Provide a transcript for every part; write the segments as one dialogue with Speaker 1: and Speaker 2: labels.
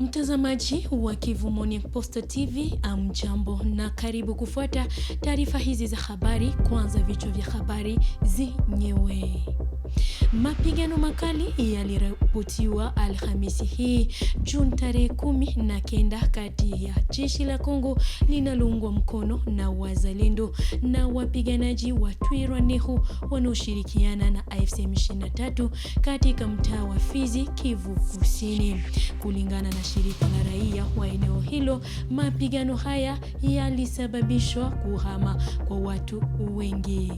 Speaker 1: Mtazamaji wa Kivu Morning Post TV, amjambo na karibu kufuata taarifa hizi za habari. Kwanza vichwa vya habari zenyewe. Mapigano makali yaliripotiwa Alhamisi hii Juni tarehe kumi na kenda kati ya jeshi la Kongo linaloungwa mkono na wazalendo na wapiganaji wa Twirwaneho wanaoshirikiana na AFC M23 katika mtaa wa Fizi, Kivu Kusini. Kulingana na shirika la raia wa eneo hilo, mapigano haya yalisababishwa kuhama kwa watu wengi.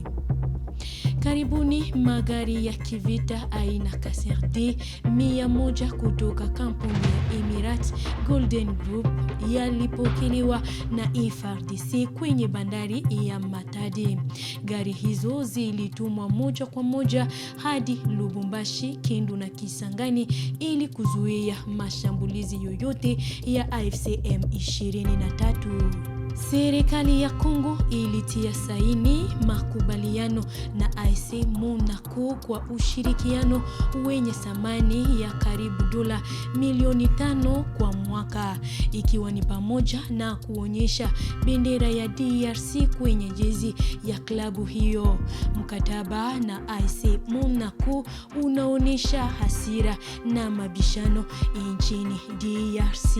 Speaker 1: Karibuni magari ya kivita aina Kaserde mia moja kutoka kampuni ya Emirates Golden Group yalipokelewa na e FARDC kwenye bandari ya Matadi. Gari hizo zilitumwa moja kwa moja hadi Lubumbashi, Kindu na Kisangani ili kuzuia mashambulizi yoyote ya AFC M23. Serikali ya Kongo ilitia saini makubaliano na ic Monaco kwa ushirikiano wenye thamani ya karibu dola milioni tano kwa mwaka, ikiwa ni pamoja na kuonyesha bendera ya DRC kwenye jezi ya klabu hiyo. Mkataba na ic Monaco unaonyesha hasira na mabishano nchini DRC.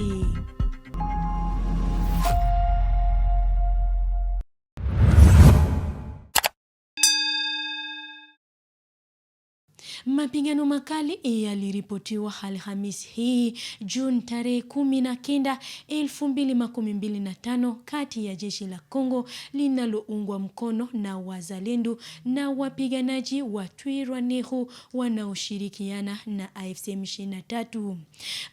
Speaker 1: Mapigano makali yaliripotiwa Alhamisi hii Juni tarehe kumi na kenda elfu mbili makumi mbili na tano kati ya jeshi la Kongo linaloungwa mkono na wazalendo na wapiganaji wa Twirwaneho wanaoshirikiana na AFC M23.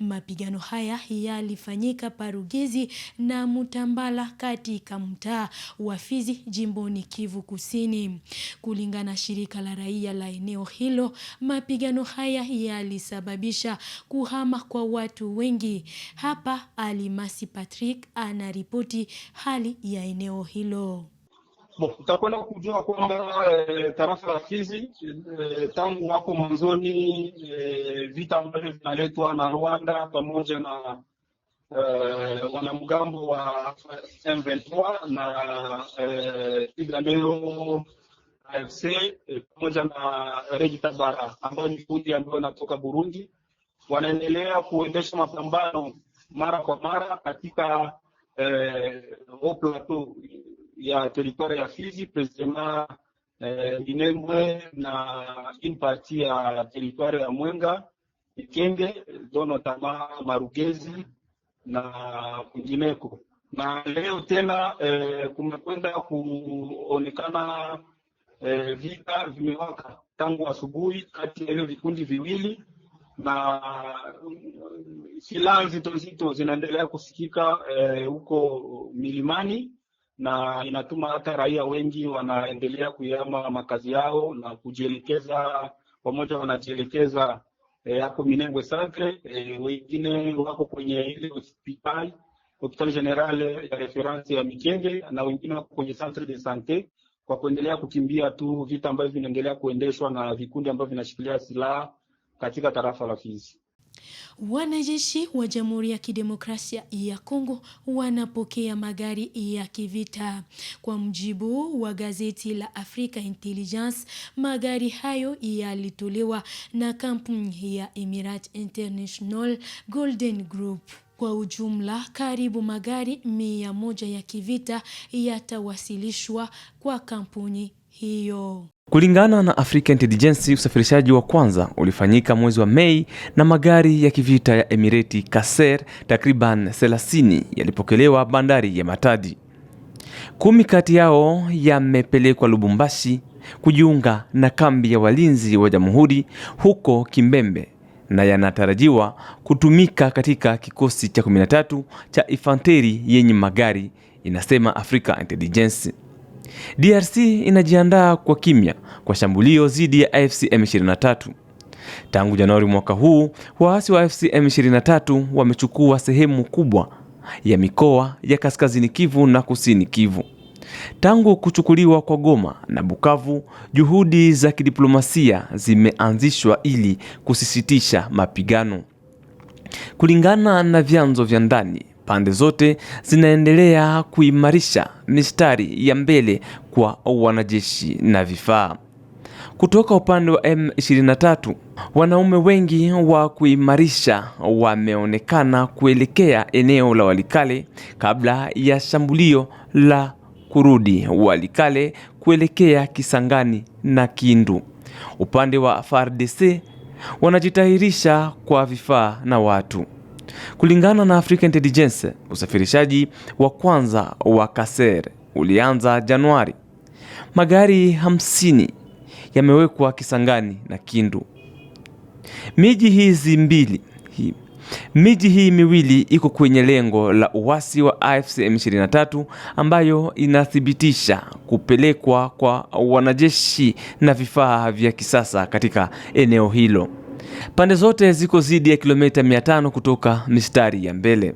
Speaker 1: Mapigano haya yalifanyika Parugezi na Mutambala katika mtaa wa Fizi jimboni Kivu Kusini, kulingana shirika la raia la eneo hilo. Mapigano haya yalisababisha kuhama kwa watu wengi. Hapa Alimasi Patrick anaripoti hali ya eneo hilo.
Speaker 2: Bon, utakwenda kujua kwamba e, tarafa ya Fizi e, tangu wako mwanzoni e, vita ambavyo vinaletwa na Rwanda pamoja na e, wanamgambo wa M23 na e, piganeo AFC eh, pamoja na Regi Tabara ambao ni kundi ambao natoka Burundi, wanaendelea kuendesha mapambano mara kwa mara katika eh, plateau ya teritoria ya Fizi president eh, na in parti ya teritoria ya Mwenga, Ikenge, Dono, Tama, Marugezi na kwingineko. Na leo tena eh, kumekwenda kuonekana eh, vita vimewaka tangu asubuhi kati ya hivyo vikundi viwili na eh, silaha nzito nzito zinaendelea kusikika eh, huko eh, milimani na inatuma hata raia wengi wanaendelea kuyama makazi yao na kujielekeza pamoja, wanajielekeza eh, hapo Minembwe Centre eh, wengine wako kwenye ile hospitali hospitali general ya reference ya Mikenge na wengine wako kwenye centre de sante kwa kuendelea kukimbia tu vita ambavyo vinaendelea kuendeshwa na vikundi ambavyo vinashikilia silaha katika tarafa la Fizi.
Speaker 1: Wanajeshi wa Jamhuri ya Kidemokrasia ya Kongo wanapokea magari ya kivita. Kwa mjibu wa gazeti la Africa Intelligence, magari hayo yalitolewa na kampuni ya Emirate International Golden Group. Kwa ujumla karibu magari mia moja ya kivita yatawasilishwa kwa kampuni hiyo.
Speaker 3: Kulingana na Africa Intelligence, usafirishaji wa kwanza ulifanyika mwezi wa Mei na magari ya kivita ya Emirati Kasser takriban 30 yalipokelewa bandari ya Matadi. Kumi kati yao yamepelekwa Lubumbashi kujiunga na kambi ya walinzi wa jamhuri huko Kimbembe na yanatarajiwa kutumika katika kikosi cha 13 cha infanteri yenye magari, inasema Africa Intelligence. DRC inajiandaa kwa kimya kwa shambulio dhidi ya AFC M23. Tangu Januari mwaka huu, waasi wa AFC M23 wamechukua sehemu kubwa ya mikoa ya Kaskazini Kivu na Kusini Kivu. Tangu kuchukuliwa kwa Goma na Bukavu, juhudi za kidiplomasia zimeanzishwa ili kusisitisha mapigano. Kulingana na vyanzo vya ndani, pande zote zinaendelea kuimarisha mistari ya mbele kwa wanajeshi na vifaa. Kutoka upande wa M23, wanaume wengi wa kuimarisha wameonekana kuelekea eneo la Walikale kabla ya shambulio la kurudi Walikale kuelekea Kisangani na Kindu. Upande wa FARDC wanajitahirisha kwa vifaa na watu. Kulingana na African Intelligence, usafirishaji wa kwanza wa Kaser ulianza Januari. Magari hamsini yamewekwa Kisangani na Kindu. Miji hizi mbili hii Miji hii miwili iko kwenye lengo la uasi wa AFC M23 ambayo inathibitisha kupelekwa kwa wanajeshi na vifaa vya kisasa katika eneo hilo. Pande zote ziko zidi ya kilomita 500 kutoka mistari ya mbele.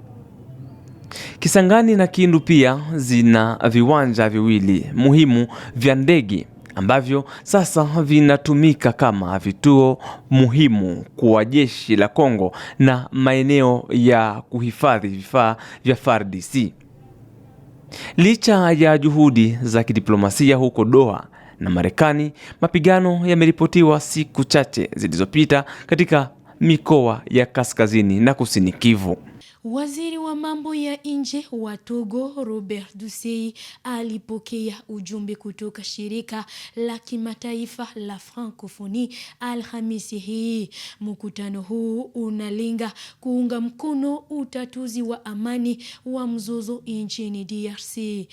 Speaker 3: Kisangani na Kindu pia zina viwanja viwili muhimu vya ndege ambavyo sasa vinatumika kama vituo muhimu kwa jeshi la Kongo na maeneo ya kuhifadhi vifaa vya FARDC. Licha ya juhudi za kidiplomasia huko Doha na Marekani, mapigano yameripotiwa siku chache zilizopita katika mikoa ya kaskazini na kusini Kivu.
Speaker 1: Waziri wa mambo ya nje wa Togo Robert Dusei alipokea ujumbe kutoka shirika la kimataifa la Francophonie Alhamisi hii. Mkutano huu unalenga kuunga mkono utatuzi wa amani wa mzozo nchini DRC.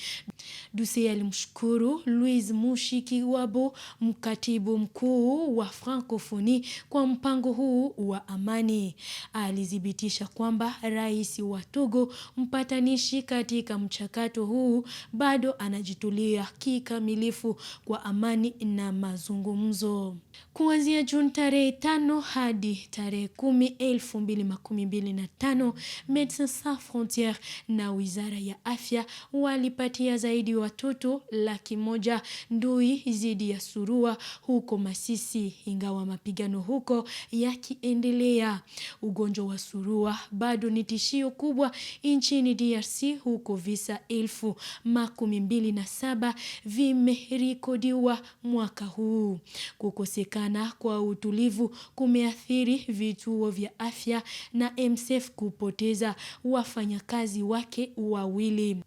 Speaker 1: Dusei alimshukuru Louise Mushikiwabo, mkatibu mkuu wa Francophonie, kwa mpango huu wa amani. Alithibitisha kwamba rai rais wa Togo, mpatanishi katika mchakato huu, bado anajitolea kikamilifu kwa amani na mazungumzo. Kuanzia Juni tarehe tano hadi tarehe kumi elfu mbili makumi mbili na tano Medecins Sans Frontieres na wizara ya afya walipatia zaidi watoto laki moja ndui dhidi ya surua huko Masisi. Ingawa mapigano huko yakiendelea, ugonjwa wa surua bado ni tishio tishio kubwa nchini DRC huku visa elfu makumi mbili na saba vimerekodiwa mwaka huu. Kukosekana kwa utulivu kumeathiri vituo vya afya na MSF kupoteza wafanyakazi wake wawili.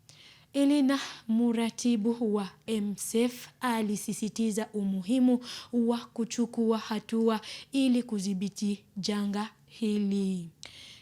Speaker 1: Elena, mratibu wa MSF, alisisitiza umuhimu wa kuchukua hatua ili kudhibiti janga hili.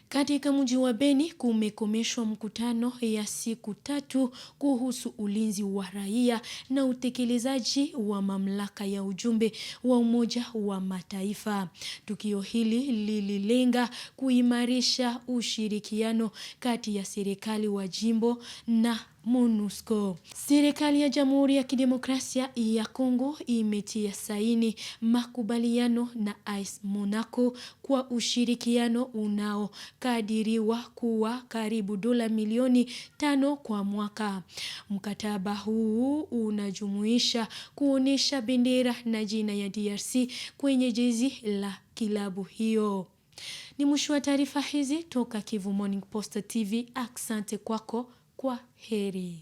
Speaker 1: Katika mji wa Beni kumekomeshwa mkutano ya siku tatu kuhusu ulinzi wa raia na utekelezaji wa mamlaka ya ujumbe wa Umoja wa Mataifa. Tukio hili lililenga kuimarisha ushirikiano kati ya serikali wa jimbo na MONUSCO. Serikali ya Jamhuri ya Kidemokrasia ya Kongo imetia saini makubaliano na AS Monaco kwa ushirikiano unaokadiriwa kuwa karibu dola milioni tano kwa mwaka. Mkataba huu unajumuisha kuonesha bendera na jina ya DRC kwenye jezi la kilabu hiyo. Ni mwisho wa taarifa hizi toka Kivu Morning Post TV. Asante kwako kwa Hiri.